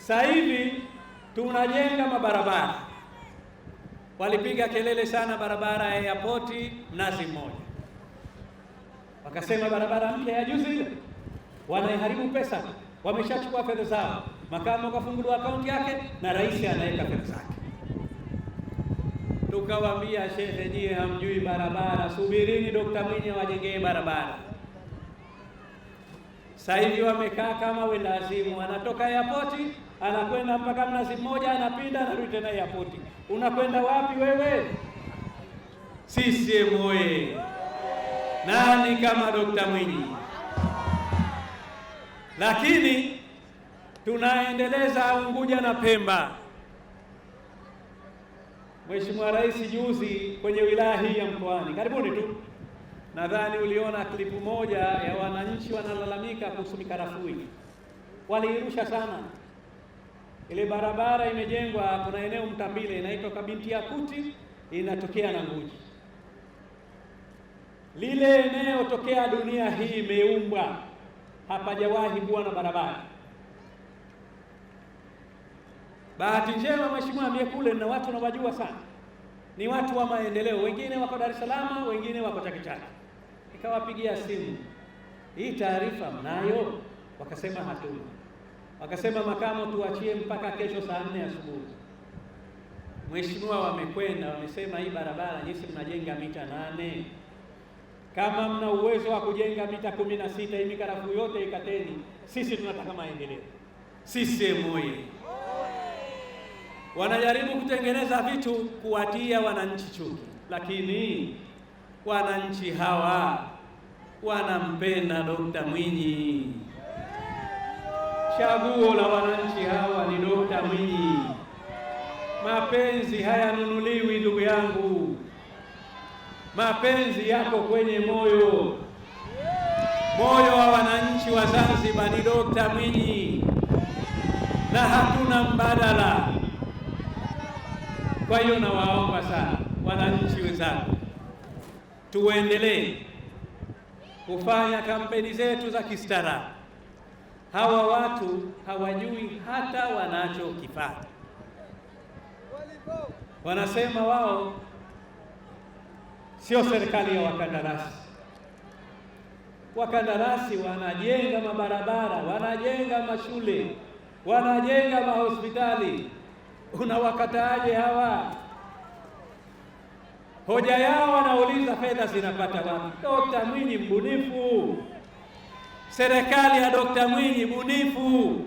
Sasa hivi tunajenga mabarabara, walipiga kelele sana barabara ya airport Mnazi Mmoja, wakasema barabara mpya ya juzi ile wanaiharibu pesa, wameshachukua fedha zao. Makamu akafunguliwa akaunti yake na rais anaweka fedha zake. Tukawaambia shehe, nyie hamjui barabara, subirini Dokta Mwinyi awajengee barabara. Sasa hivi wamekaa kama welazimu, anatoka airport anakwenda mpaka Mnazi Mmoja, anapinda anarudi tena airport. Unakwenda wapi wewe? CCM oye! Nani kama Dr. Mwinyi? Lakini tunaendeleza Unguja na Pemba. Mheshimiwa Rais juzi kwenye wilaya hii ya Mkoani, karibuni tu Nadhani uliona klipu moja ya wananchi wanalalamika kuhusu mikarafui, waliirusha sana ile barabara imejengwa. Kuna eneo Mtambile inaitwa Kabinti ya Kuti inatokea na nguji lile eneo tokea dunia hii imeumbwa hapajawahi kuwa na barabara. Bahati njema, mheshimiwa, ambie kule na watu wanawajua sana, ni watu wa maendeleo, wengine wako Dar es Salaam, wengine wako Chake Chake. Nikawapigia simu, hii taarifa mnayo? Wakasema hatuna. Wakasema makamo, tuachie mpaka kesho saa nne asubuhi. Mheshimiwa, wamekwenda wamesema, hii barabara nyinyi mnajenga mita nane kama mna uwezo wa kujenga mita kumi na sita hii yote ikateni, sisi tunataka maendeleo. CCM oyee! Wanajaribu kutengeneza vitu kuwatia wananchi chuki, lakini wananchi hawa wanampenda Dokta Mwinyi. Chaguo la wananchi hawa ni Dokta Mwinyi. Mapenzi hayanunuliwi ndugu yangu, mapenzi yako kwenye moyo. Moyo wa wananchi wa Zanzibar ni Dokta Mwinyi na hatuna mbadala. Kwa hiyo nawaomba sana wananchi wenzangu tuendelee kufanya kampeni zetu za kistaarabu. Hawa watu hawajui hata wanachokipata. Wanasema wao sio serikali ya wakandarasi. Wakandarasi wanajenga mabarabara, wanajenga mashule, wanajenga mahospitali. Unawakataaje hawa? Hoja yao wanauliza fedha zinapata wapi? Dokta Mwinyi mbunifu, serikali ya Dokta Mwinyi bunifu.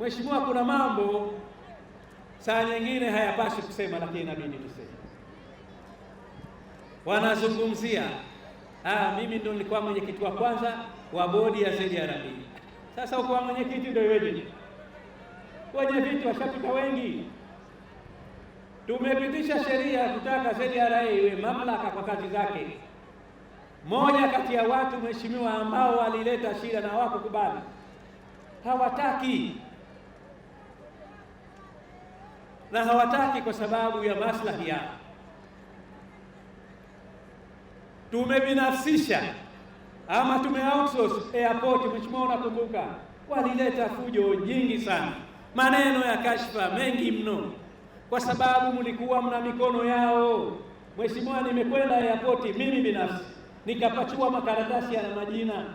Mheshimiwa, kuna mambo saa nyingine hayapaswi kusema, lakini inabidi tuseme. Wanazungumzia ah, mimi ndo nilikuwa mwenyekiti wa kwanza wa bodi ya ZRB. Sasa uko mwenyekiti ndio wewe, wenye viti washapita wengi Tumepitisha sheria kutaka ZRA iwe mamlaka kwa kazi zake. Moja kati ya watu mheshimiwa, ambao walileta shida na hawakukubali, hawataki na hawataki kwa sababu ya maslahi yao. Tumebinafsisha ama tume outsource airport. Mheshimiwa, unakumbuka walileta fujo nyingi sana, maneno ya kashfa mengi mno kwa sababu mlikuwa mna mikono yao. Mheshimiwa, nimekwenda airport mimi binafsi nikapachua makaratasi yana majina